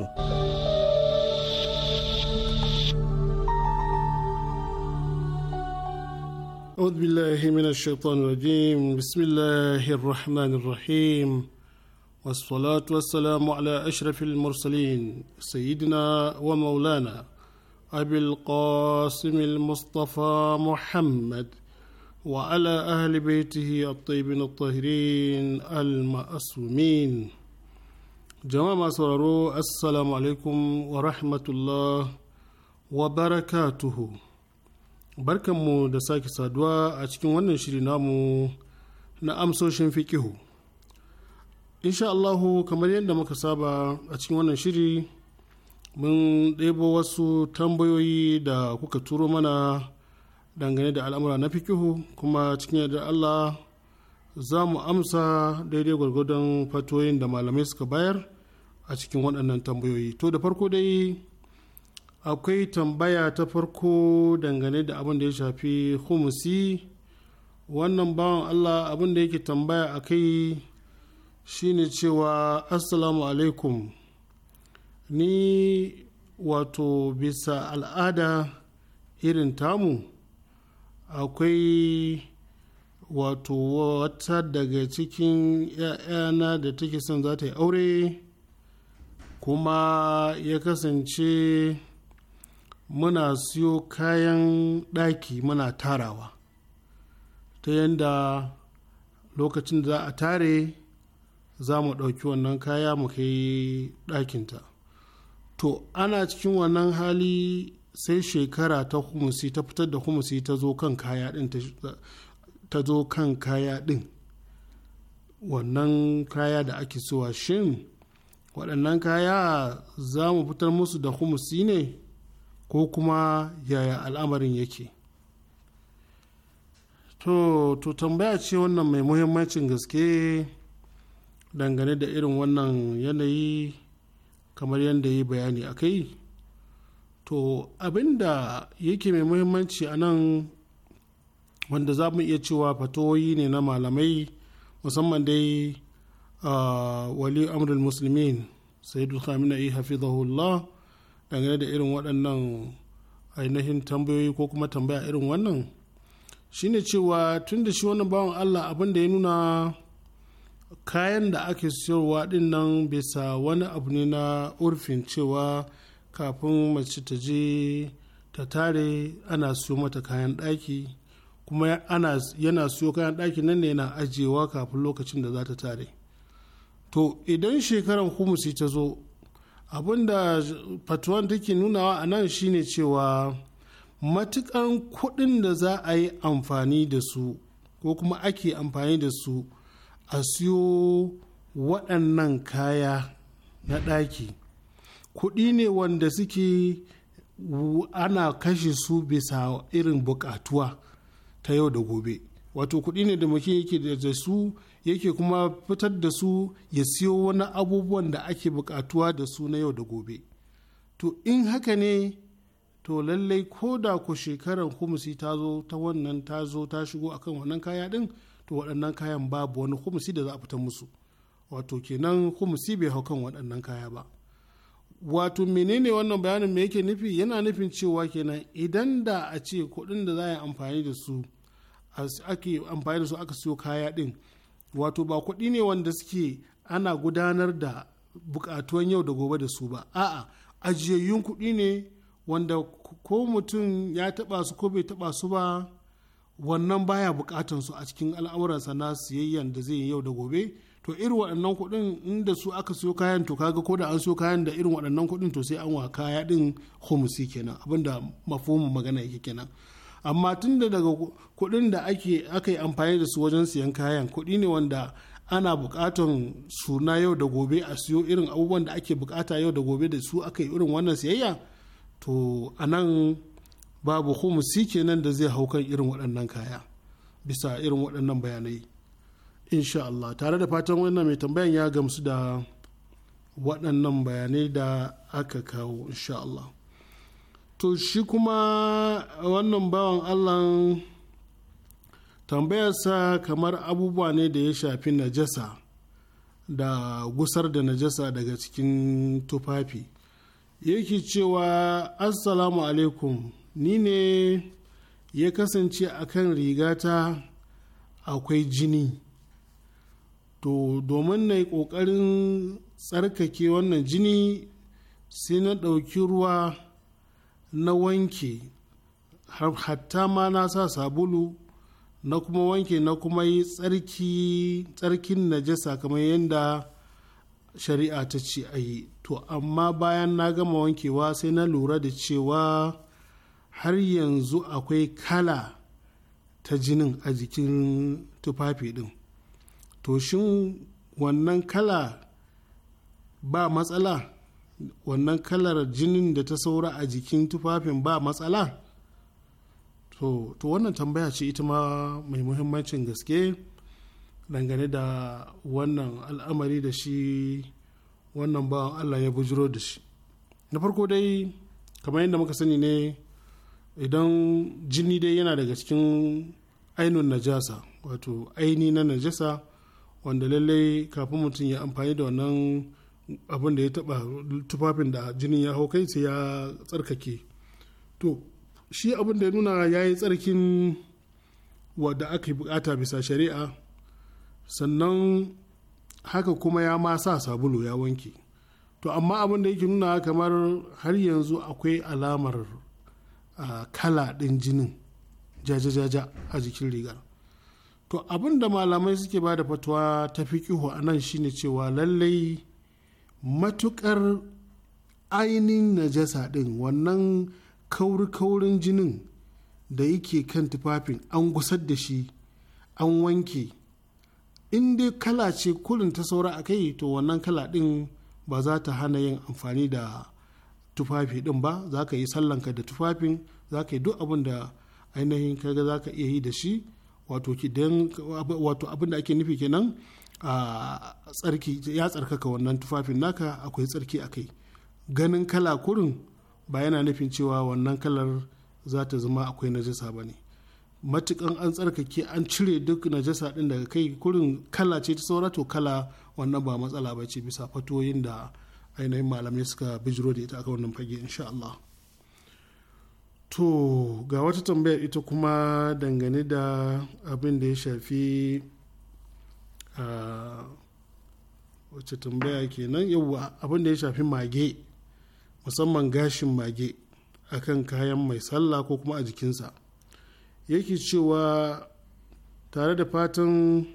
أعوذ بالله من الشيطان الرجيم بسم الله الرحمن الرحيم والصلاة والسلام على أشرف المرسلين سيدنا ومولانا أبي القاسم المصطفى محمد وعلى أهل بيته الطيبين الطاهرين المأسومين jama'a masu sauraro assalamu alaikum wa rahmatullah wa barakatuhu barkanmu da sake saduwa a cikin wannan shiri namu na amsoshin fikihu insha Allahu kamar yadda muka saba a cikin wannan shiri mun ɗebo wasu tambayoyi da kuka turo mana dangane da al'amura na fikihu kuma cikin yadda Allah za mu amsa daidai gwargwadon fatoyin da malamai suka bayar a cikin waɗannan tambayoyi to da farko dai akwai tambaya ta farko dangane da abin da ya shafi humusi wannan bawan allah abin da yake tambaya a kai shine cewa assalamu alaikum ni wato bisa al'ada irin tamu akwai wato wata daga cikin 'ya'yana da take son za ta yi aure kuma ya kasance muna siyo kayan ɗaki muna tarawa ta yadda lokacin da za a tare za mu ɗauki wannan kaya mu kai ɗakinta to ana cikin wannan hali sai shekara ta humusi ta fitar da humusi ta zo kan kaya ɗin ta zo kan kaya ɗin wannan kaya da ake sowa shin waɗannan kaya za mu fitar musu da humusi ne ko kuma yaya al'amarin yake to to tambaya ce wannan mai muhimmancin gaske dangane da irin wannan yanayi kamar yadda yi bayani a kai to abinda yake mai muhimmanci a nan wanda za mu iya cewa fatoyi ne na malamai musamman dai wali amrul musulmin saidu khamenei hafizahullah dangane da irin waɗannan ainihin tambayoyi ko kuma tambaya irin wannan shine cewa tun da shi wannan bawan allah abin da ya nuna kayan da ake siyarwa din nan bisa wani abu ne na urfin cewa kafin mace ta je ta tare ana siyo mata kayan ɗaki kuma yana siyo kayan ɗaki nan ne yana ajiyewa kafin lokacin da za ta tare to idan shekaran humusi ta zo abinda fatuwan take nunawa a nan shine cewa matukan kuɗin da za a yi amfani da su ko kuma ake amfani da su a siyo waɗannan kaya na ɗaki kuɗi ne wanda suke ana kashe su bisa irin buƙatuwa ta yau da gobe wato kuɗi ne da muke yake da su yake kuma fitar da su ya siyo wani abubuwan da ake bukatuwa da su na yau da gobe to in haka ne to lallai ko da ku shekarar humusi ta zo ta wannan ta zo ta shigo akan wannan kaya din to waɗannan kayan babu wani humusi da za a fitar musu wato kenan humusi bai hau kan waɗannan kaya ba wato menene wannan bayanin me yake nufi yana nufin cewa kenan idan da a ce kuɗin da za a yi amfani da su ake amfani da su aka siyo kaya din wato ba kuɗi ne wanda suke ana gudanar da bukatuwan yau da gobe da su ba a'a ajiyayyun kuɗi ne wanda ko mutum ya taɓa su ko bai taɓa su ba wannan baya bukatan su a cikin al'amuransa na siyayyan da zai yi yau da gobe to irin waɗannan kuɗin inda su aka siyo kayan to kaga ko da an siyo kayan da irin waɗannan kuɗin to sai an wa kaya ɗin homusi kenan abinda mafomin magana yake kenan amma tun da daga kuɗin da aka yi amfani da su wajen siyan kayan kuɗi ne wanda ana bukatan suna yau da gobe a siyo irin abubuwan da ake bukata yau da gobe da su aka yi irin wannan siyayya to a nan babu humusi kenan da zai hau kan irin waɗannan kaya bisa irin waɗannan bayanai insha Allah tare da fatan wannan mai tambayan ya gamsu da waɗannan bayanai da aka kawo insha Allah to shi kuma wannan bawan allah tambayarsa kamar abubuwa ne da ya shafi najasa da gusar da najasa daga cikin tufafi yake cewa assalamu alaikum ni ne ya kasance a akan rigata akwai jini to domin na yi ƙoƙarin tsarkake wannan jini sai na ɗauki ruwa na wanke hatta ma na sa sabulu na kuma wanke na kuma yi tsarki tsarkin najasa kamar yadda shari'a ta ce a yi to amma bayan na gama wankewa sai na lura da cewa har yanzu akwai kala ta jinin a jikin tufafi din to shin wannan kala ba matsala wannan kalar jinin da ta saura a jikin tufafin ba matsala to wannan tambaya ce ita ma mai muhimmancin gaske dangane da wannan al'amari da shi wannan bawan allah ya bujiro da shi na farko dai kamar yadda muka sani ne idan jini dai yana daga cikin ainun najasa wato aini na najasa wanda lallai kafin mutum ya amfani da wannan abin ya taba tufafin da jinin ya hau kai sai ya tsarkake to shi abin da ya nuna ya yi tsarkin wadda aka yi bukata bisa shari'a sannan haka kuma ya ma sa sabulu ya wanke to amma abin da yake nuna kamar har yanzu akwai alamar kala ɗin jinin jajajaja a jikin rigar to abin da malamai suke ba da fatuwa ta fi a nan shine cewa lallai matukar ainihin najasa ɗin wannan kauri-kaurin jinin da yake kan tufafin an gusar da shi an wanke in dai kala ce kulin ta saura a kai to wannan kala ɗin ba za ta hana yin amfani da tufafi ɗin ba za ka yi sallanka da tufafin za ka yi duk abin da ainihin kaga za ka iya yi da shi wato abin da ake nufi kenan a tsarki ya tsarkaka wannan tufafin naka akwai tsarki a kai ganin kala kurin ba yana nufin cewa wannan kalar za ta zama akwai najasa ba ne matukan an tsarkake an cire duk najasa din daga kai kurin kala ce ta saura to kala wannan ba matsala ba ce bisa fatoyin da ainihin malamai suka bijiro da ita aka wannan fage insha Allah to ga wata tambayar ita kuma dangane da abin da ya shafi Ah, wacce tambaya kenan yawwa abin da ya shafi mage musamman gashin mage akan kayan mai sallah ko kuma a jikinsa yake cewa tare da fatan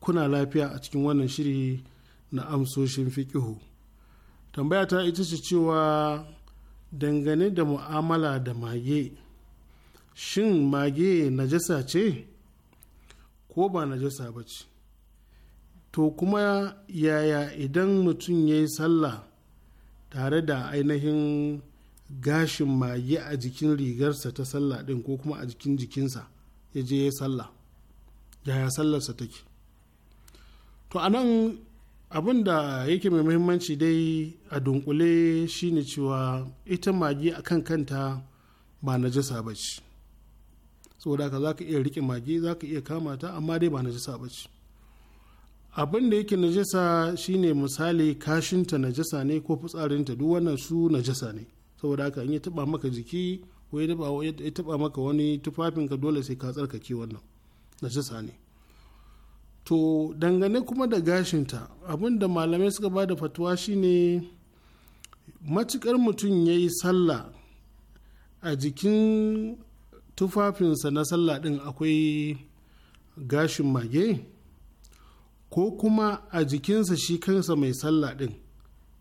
kuna lafiya a cikin wannan shiri na amsoshin fikihu tambaya ta ita ce cewa dangane da mu'amala da mage shin mage najasa ce ko ba najasa ba ce to kuma yaya idan mutum ya yi sallah tare da ainihin gashin mage a jikin rigarsa ta sallah ɗin ko kuma a jikin jikinsa ya je ya yi sallah yaya sallarsa take to a nan abin da yake mai muhimmanci dai a dunkule shine cewa ita mage a kan kanta ba na jisa ba ce saboda ka za ka iya rike mage za ka iya kama ta amma dai ba na jisa ba ce abin da yake najasa shine misali kashinta najasa ne ko fitsarinta duk wannan su najasa ne saboda haka in ya taba maka jiki ko ya taba maka wani tufafinka dole sai ka tsarkake wannan najasa ne to dangane kuma da gashinta abin da malamai suka ba da fatuwa shine matukar mutum ya yi sallah a jikin tufafinsa na sallah din akwai gashin mage ko kuma a jikinsa shi kansa mai sallah ɗin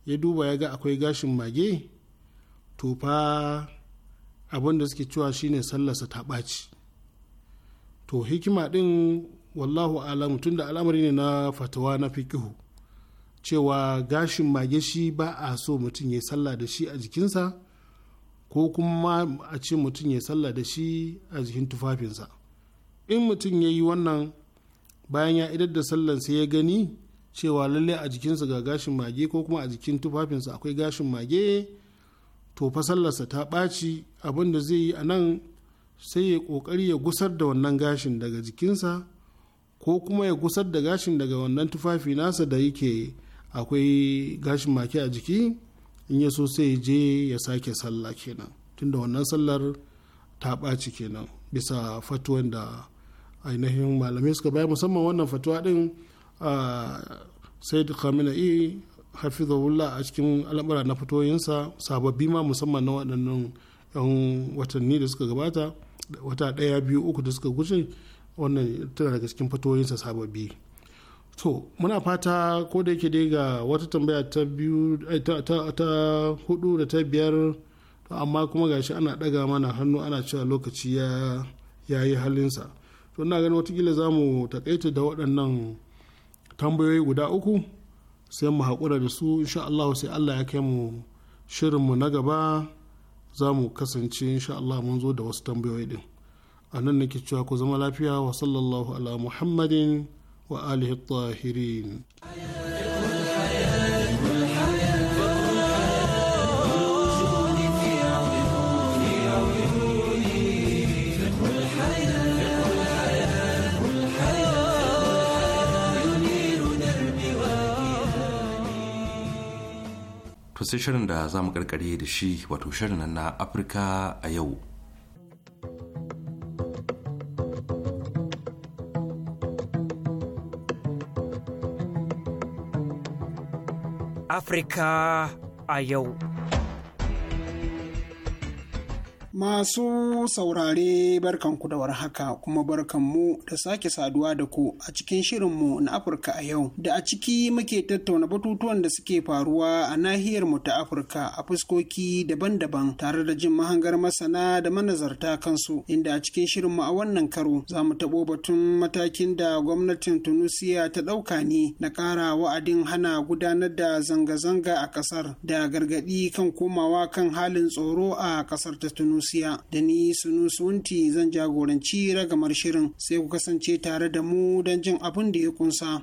ya duba ya ga akwai gashin mage to fa abin da suke cewa shine sallarsa ta ɓaci to hikima ɗin wallahu alam tun da al'amari ne na fatawa na fikihu cewa gashin mage shi ba a so mutum ya sallah da shi a jikinsa ko kuma a ce mutum ya sallah da shi a jikin tufafinsa in mutum ya yi wannan bayan ya idar da sallan sai ya gani cewa lalle a jikinsa ga gashin mage ko kuma a jikin tufafinsa akwai gashin mage to fa sallarsa ta ɓaci abin da zai yi a nan sai ya ƙoƙari ya gusar da wannan gashin daga jikinsa ko kuma ya gusar da gashin daga wannan tufafi nasa da yake akwai gashin mage a jiki in ya so sai je ya sake sallah kenan tunda wannan sallar ta ɓaci kenan bisa fatuwan da ainihin malamai suka baya musamman wannan fatuwa din said khamenei hafizahullah a cikin al'amura na fatoyinsa sababbi ma musamman na waɗannan 'yan watanni da suka gabata wata ɗaya biyu uku da suka wuce wannan tana daga cikin fatoyinsa sababbi to muna fata ko da yake dai ga wata tambaya ta biyu eh, ta hudu da ta biyar amma kuma gashi ana ɗaga mana hannu ana cewa lokaci ya yi halinsa to ina gani watakila za mu takaita da waɗannan tambayoyi guda uku sai mu haƙura da su insha Allah sai Allah ya kai mu shirin mu na gaba za mu kasance insha Allah mun zo da wasu tambayoyi din a nan nake cewa ku zama lafiya wa sallallahu ala muhammadin wa alihi tahirin sai shirin da za mu karkare da shi wato shirin na afirka a yau afirka a yau Masu saurare barkanku da warhaka kuma barkanmu da sake saduwa da ku a cikin shirinmu na Afirka a yau da a ciki muke tattauna batutuwan da suke faruwa a nahiyar mu ta Afirka a fuskoki daban-daban tare da jin mahangar masana da manazarta kansu inda a cikin shirinmu a wannan karo za mu taɓo batun matakin da gwamnatin Tunisia ta ɗauka ne na ƙara wa'adin hana gudanar da zanga-zanga a ƙasar da gargaɗi kan komawa kan halin tsoro a ƙasar ta Tunusiya. da ni Sunusunti zan jagoranci ragamar shirin sai ku kasance tare da mu don jin abin da ya kunsa.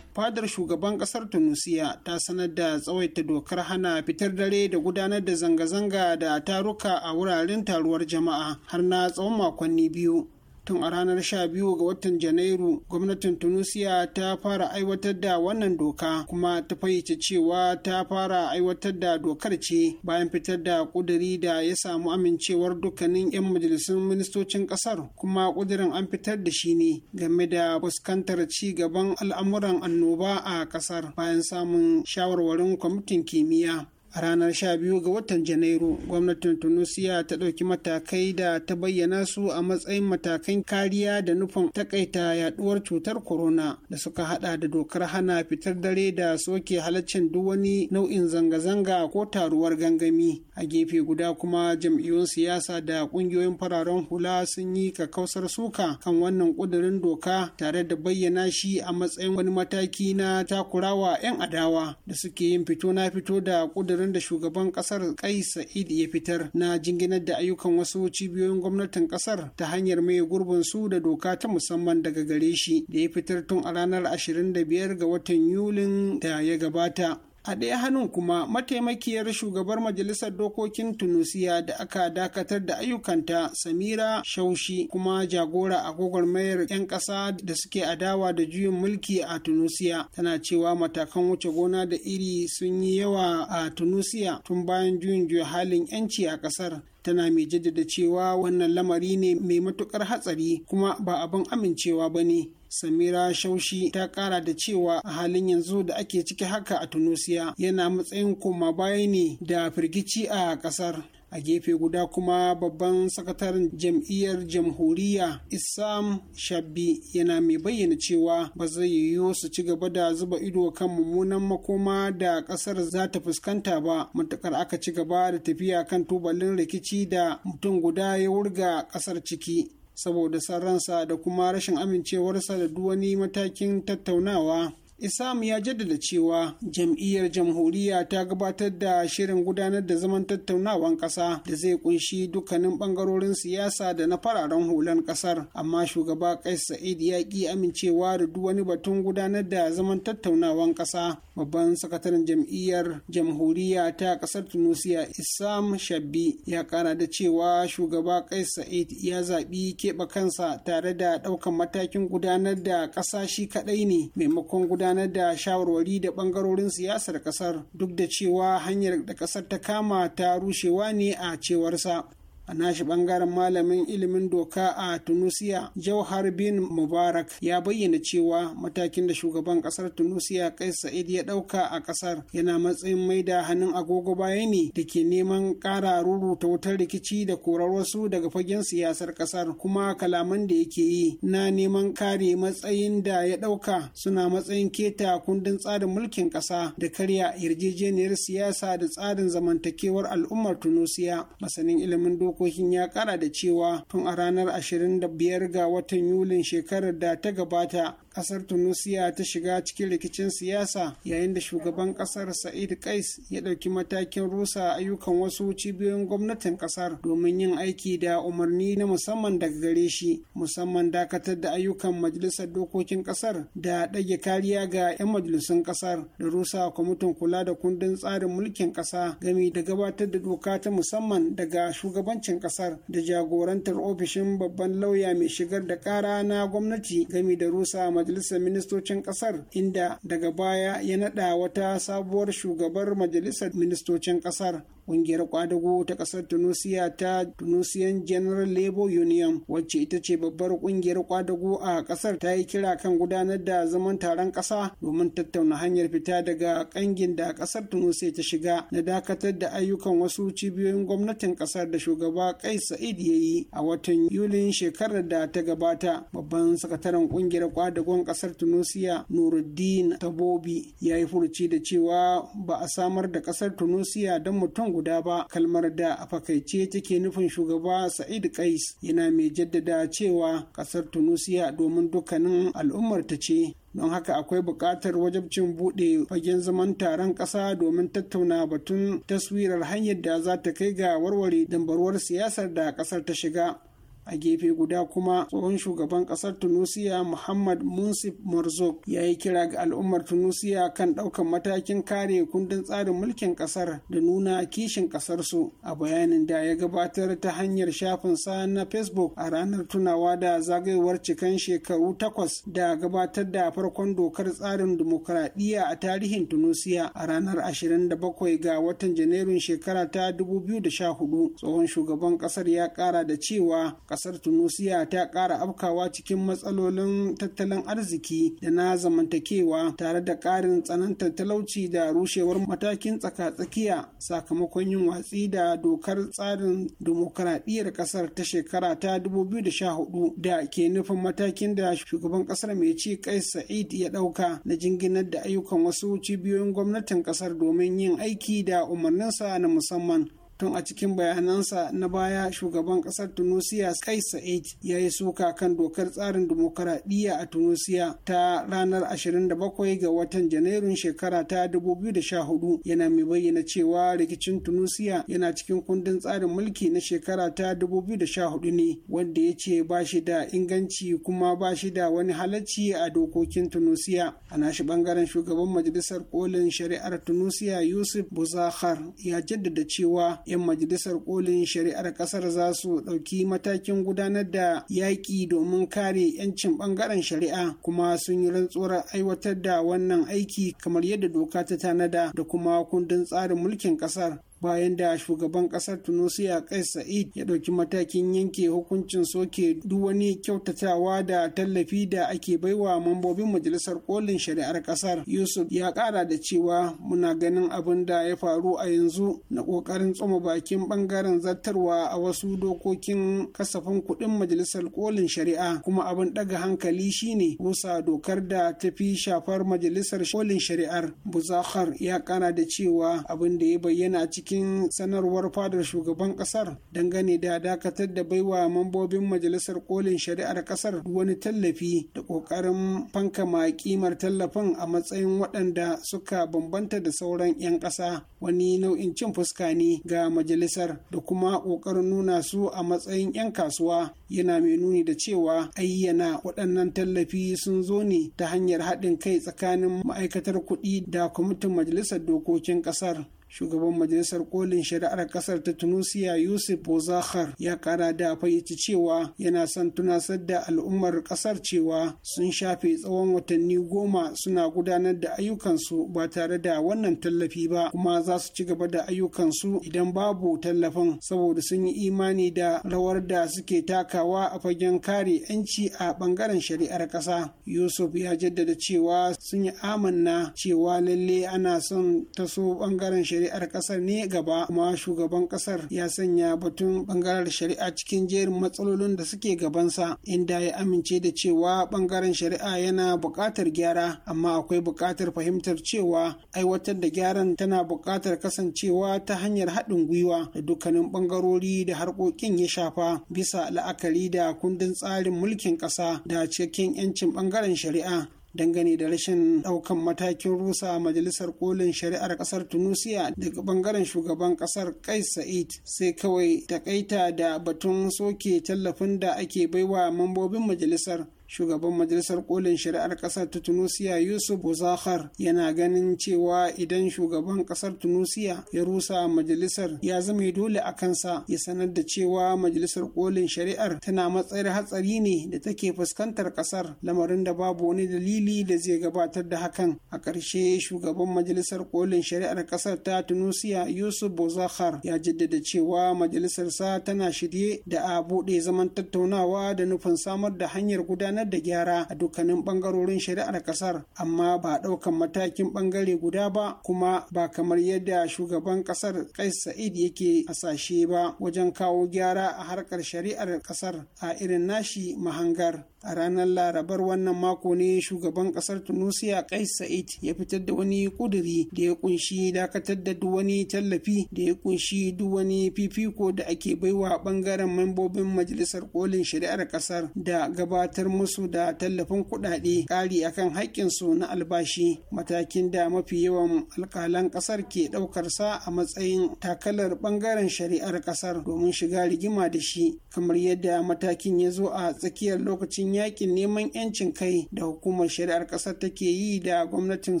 fadar shugaban kasar tunisia ta sanar da tsawaita dokar hana fitar dare da gudanar da zanga-zanga da taruka a wuraren taruwar jama'a har na tsawon makonni biyu tun a ranar 12 ga watan janairu gwamnatin tunisia ta fara aiwatar da wannan doka kuma ta fayyace cewa ta fara aiwatar da dokar ce bayan fitar da kuduri da ya samu amincewar dukkanin 'yan majalisun ministocin kasar kuma kudirin an fitar da shi ne game da fuskantar ci gaban al'amuran annoba a kasar bayan samun shawarwarin kwamitin kimiyya a ranar 12 ga watan janairu gwamnatin tunisia ta ɗauki matakai da ta bayyana su a matsayin matakan kariya da nufin takaita yaduwar cutar corona da suka hada da dokar hana fitar dare da soke halaccin duk wani nau'in zanga-zanga ko taruwar gangami a gefe guda kuma jam'iyyun siyasa da ƙungiyoyin fararen hula sun yi kakausar suka kan wannan ƙudurin doka tare da bayyana shi a matsayin wani mataki na takurawa 'yan adawa da suke yin fito na fito da ƙudurin saƙonin da shugaban ƙasar kai Sa'id ya fitar na jinginar da ayyukan wasu cibiyoyin gwamnatin ƙasar ta hanyar mai gurbin su da doka ta musamman daga gare shi da ya fitar tun a ranar 25 ga watan Yulin da ya gabata. a ɗaya hannun kuma mataimakiyar shugabar majalisar dokokin tunisiya da aka dakatar da ayyukanta samira shaushi kuma jagora a mayar 'yan ƙasa da suke adawa da juyin mulki a tunisiya tana cewa matakan wuce gona da iri sun yi yawa a tunisiya tun bayan juyin juya halin 'yanci a ƙasar tana mai jaddada cewa wannan lamari ne mai matukar hatsari kuma ba abin amincewa ba ne samira shaushi ta kara da cewa a halin yanzu da ake ciki haka a tunisia yana matsayin koma baya ne da firgici a kasar a gefe guda kuma babban sakataren jam'iyyar jamhuriya isam shabbi yana mai bayyana cewa ba zai yiwu su ci gaba da zuba ido kan mummunan makoma da kasar za ta fuskanta ba matukar aka ci gaba da tafiya kan tubalin rikici da mutum guda ya wurga kasar ciki saboda sarransa da kuma rashin amincewarsa da duk wani matakin tattaunawa Isam ya jaddada cewa jam'iyyar jamhuriya ta gabatar da shirin gudanar da zaman tattaunawan ƙasa da zai kunshi dukkanin ɓangarorin siyasa da na fararen hulan ƙasar, amma shugaba Kais Sa'id ya ƙi amincewa da duk wani batun gudanar da zaman tattaunawan ƙasa. Babban sakataren jam'iyyar jamhuriya ta ƙasar Tunusiya Isam Shabbi ya ƙara da cewa shugaba Kais Sa'id ya zaɓi keɓe kansa tare da ɗaukan matakin gudanar da ƙasa shi kaɗai ne maimakon gudanar gudanar da shawarwari da bangarorin siyasar kasar duk da cewa hanyar da kasar ta kama ta rushewa ne a cewarsa a nashi bangaren malamin ilimin doka a tunisia jauhar bin mubarak ya bayyana cewa matakin da shugaban kasar tunisia kai sa'id ya dauka a kasar yana matsayin mai da hannun agogo baya ne da ke neman kara ruruta wutar rikici da korar wasu daga fagen siyasar kasar kuma kalaman da yake yi na neman kare matsayin da ya dauka suna matsayin keta kundin tsarin mulkin kasa da karya yarjejeniyar siyasa da tsarin zamantakewar al'ummar tunisia masanin ilimin doka dokokin ya kara da cewa tun a ranar 25 ga watan yulin shekarar da ta gabata kasar tunisia ta shiga cikin rikicin siyasa yayin da shugaban kasar sa'id kais ya ɗauki matakin rusa ayyukan wasu cibiyoyin gwamnatin kasar domin yin aiki da umarni na musamman daga gare shi musamman dakatar da ayyukan majalisar dokokin kasar da ɗage kariya ga 'yan majalisun kasar da rusa kwamitin kula da kundin tsarin mulkin kasa gami da gabatar da doka ta musamman daga shugabancin hukuncin kasar da jagorantar ofishin babban lauya mai shigar da kara na gwamnati gami da rusa majalisar ministocin kasar inda daga baya ya nada wata sabuwar shugabar majalisar ministocin kasar Ƙungiyar kwadago ta ƙasar Tunusiya ta Tunusian General Labour Union wacce ita ce babbar ƙungiyar kwadago a ƙasar ta yi kira kan gudanar da zaman taron ƙasa domin tattauna hanyar fita daga ƙangin da ƙasar Tunusiya ta shiga na dakatar da ayyukan wasu cibiyoyin gwamnatin ƙasar da shugaba Kai Sa'id ya yi a watan Yulin shekarar da ta gabata. Babban sakataren ƙungiyar kwadagon ƙasar Tunusiya Nuruddin Tabobi ya yi furuci da cewa ba a samar da ƙasar Tunusiya don mutum guda ba kalmar da a fakaice take nufin shugaba sa'id kais yana mai jaddada cewa kasar tunisia domin dukkanin al'ummar ta ce don haka akwai buƙatar wajabcin buɗe fagen zaman taron ƙasa domin tattauna batun taswirar hanyar da za ta kai ga warware dambarwar siyasar da ƙasar ta shiga a gefe guda kuma tsohon shugaban kasar tunisia muhammad munsif morzok ya yi kira ga al'ummar tunisia kan ɗaukan matakin kare kundin tsarin mulkin kasar da nuna kishin kasarsu a bayanin da ya gabatar ta hanyar shafin sa na facebook a ranar tunawa da zagayowar cikan shekaru takwas da gabatar da farkon dokar tsarin dimokuraɗiyya a tarihin tunisia a ranar 27 ga watan janairun shekara ta 2014 tsohon shugaban kasar ya kara da cewa kasar tunisia ta kara afkawa cikin matsalolin tattalin arziki da na zamantakewa tare da karin tsanantar talauci da rushewar matakin tsaka-tsakiya sakamakon yin watsi da dokar tsarin dimokuraɗiyyar kasar ta shekara ta 2014 da ke nufin matakin da shugaban kasar mai ci kai sa'id ya dauka na jinginar da ayyukan wasu cibiyoyin gwamnatin kasar domin yin aiki da umarninsa na musamman tun a cikin bayanansa na baya shugaban kasar tunisia kai sa'id ya yi suka kan dokar tsarin dimokuraɗiyya a tunisia ta ranar 27 ga watan janairun shekara ta 2014 yana mai bayyana cewa rikicin tunisia yana cikin kundin tsarin mulki na shekara ta 2014 ne wanda ya ce ba shi da inganci kuma ba shi da wani halacci a dokokin tunisia a nashi bangaren shugaban majalisar kolin shari'ar tunisia yusuf buzakhar ya jaddada cewa 'yan majalisar kolin shari'ar kasar za su ɗauki matakin gudanar da yaƙi domin kare 'yancin ɓangaren shari'a kuma sun yi rantsuwar aiwatar da wannan aiki kamar yadda doka ta tanada da kuma kundin tsarin mulkin ƙasar. bayan da shugaban kasar tunisia kais sa'id ya ɗauki matakin yanke hukuncin soke duk wani kyautatawa da tallafi da ake baiwa mambobin majalisar kolin shari'ar kasar yusuf ya ƙara da cewa muna ganin abin da ya faru a yanzu na ƙoƙarin tsoma bakin ɓangaren zartarwa a wasu dokokin kasafin kuɗin majalisar kolin shari'a kuma abin ɗaga hankali shine rusa dokar da ta fi shafar majalisar kolin shari'ar buzakhar ya ƙara da cewa abin da ya bayyana cikin cikin sanarwar fadar shugaban kasar dangane da dakatar da baiwa mambobin majalisar kolin shari'ar kasar wani tallafi da kokarin ma kimar tallafin a matsayin waɗanda suka bambanta da sauran 'yan ƙasa wani nau'in cin fuska ne ga majalisar da kuma ƙoƙarin nuna su a matsayin 'yan kasuwa yana mai nuni da cewa ayyana waɗannan tallafi sun zo ne ta hanyar haɗin kai tsakanin ma'aikatar kuɗi da kwamitin majalisar dokokin ƙasar shugaban majalisar kolin shari'ar kasar ta tunisia yusuf bozakhar ya kara da fayyace cewa yana son tunasar da al'ummar kasar cewa sun shafe tsawon watanni goma suna gudanar da ayyukansu ba tare da wannan tallafi ba kuma za su ci gaba da ayyukansu idan babu tallafin saboda sun yi imani da rawar da suke takawa a fagen kare 'yanci a bangaren shari'ar kasa yusuf ya jaddada cewa sun yi amanna cewa lalle ana son taso bangaren shari'ar shari'ar kasar ne gaba kuma shugaban kasar ya sanya batun bangaren shari'a cikin jerin matsalolin da suke gabansa inda ya amince da cewa bangaren shari'a yana buƙatar gyara amma akwai buƙatar fahimtar cewa aiwatar da gyaran tana buƙatar kasancewa ta hanyar haɗin gwiwa da dukkanin bangarori da harkokin ya shafa bisa la'akari da kundin tsarin mulkin ƙasa da cikakken 'yancin bangaren shari'a dangane da rashin daukan matakin rusa a majalisar kolin shari'ar kasar tunisia daga bangaren shugaban kasar kais sa'id sai kawai takaita da batun soke tallafin da ake baiwa mambobin majalisar shugaban majalisar kolin shari'ar kasar ta tunisia yusuf buzakhar yana ganin cewa idan shugaban kasar tunisia ya rusa majalisar ya zama dole a kansa ya sanar da cewa majalisar kolin shari'ar tana matsayar hatsari ne da take fuskantar kasar lamarin da babu wani dalili da zai gabatar da hakan a ƙarshe shugaban majalisar kolin shari'ar kasar ta tunisia yusuf buzakhar ya jaddada cewa majalisarsa tana shirye da a buɗe zaman tattaunawa da nufin samar da hanyar gudanar gudanar da gyara a dukkanin bangarorin shari'ar kasar amma ba ɗaukan matakin bangare guda ba kuma ba kamar yadda shugaban kasar kais sa'id yake hasashe ba wajen kawo gyara a harkar shari'ar kasar a irin nashi mahangar a ranar larabar wannan mako ne shugaban kasar tunisia kais sa'id ya fitar da wani kuduri da ya kunshi dakatar da duk wani tallafi da ya kunshi duk wani fifiko da ake baiwa bangaren membobin majalisar kolin shari'ar kasar da gabatar musu da tallafin kuɗaɗe ƙari akan haƙƙinsu na albashi matakin da mafi yawan alƙalan kasar ke ɗaukarsa a matsayin takalar bangaren shari'ar kasar domin shiga rigima da shi kamar yadda matakin ya zo a tsakiyar lokacin yakin neman 'yancin kai da hukumar shari'ar ƙasar take yi da gwamnatin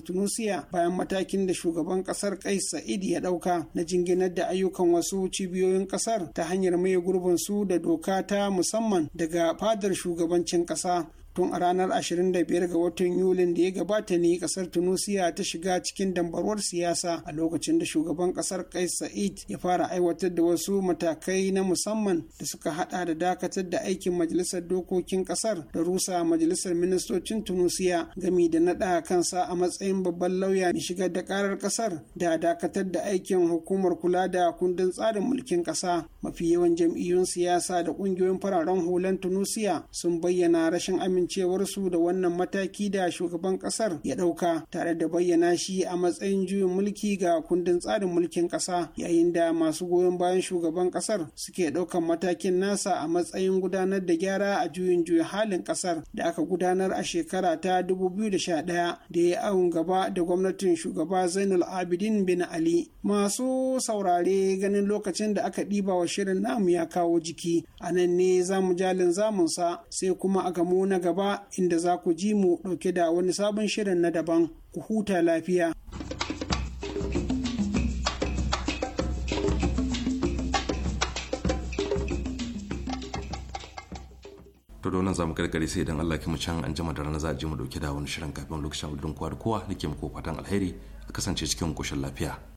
tunisia bayan matakin da shugaban kasar kai sa'id ya ɗauka na jinginar da ayyukan wasu cibiyoyin kasar ta hanyar maye gurbin su da doka ta musamman daga fadar shugabancin kasa. tun a ranar 25 ga watan yulin da ya gabata ne kasar tunisia ta shiga cikin dambarwar siyasa a lokacin da shugaban kasar kais sa'id ya fara aiwatar da wasu matakai na musamman da suka hada da dakatar da aikin majalisar dokokin kasar da rusa majalisar ministocin tunisia gami da nada kansa a matsayin babban lauya mai shigar da karar kasar da dakatar da aikin hukumar kula da kundin tsarin mulkin kasa mafi yawan jam'iyyun siyasa da kungiyoyin fararen hulan tunisia sun bayyana rashin amin kasancewarsu da wannan mataki da shugaban kasar ya ɗauka tare da bayyana shi a matsayin juyin mulki ga kundin tsarin mulkin ƙasa yayin da masu goyon bayan shugaban kasar suke ɗaukan matakin nasa a matsayin gudanar da gyara a juyin juyin halin kasar da aka gudanar a shekara ta 2011 da ya awon gaba da gwamnatin shugaba zainul abidin bin ali masu saurare ganin lokacin da aka ɗiba wa shirin namu ya kawo jiki a nan ne zamu jalin zamunsa sai kuma a gamu na gaba gaba inda za ku ji mu ɗauke da wani sabon shirin na daban ku huta lafiya. to da wannan zamu karkare sai idan Allah mu can an jima da rana za a ji mu dauke da wani shirin kafin lokacin abudun kowa da kowa nake muku fatan alheri a kasance cikin koshin lafiya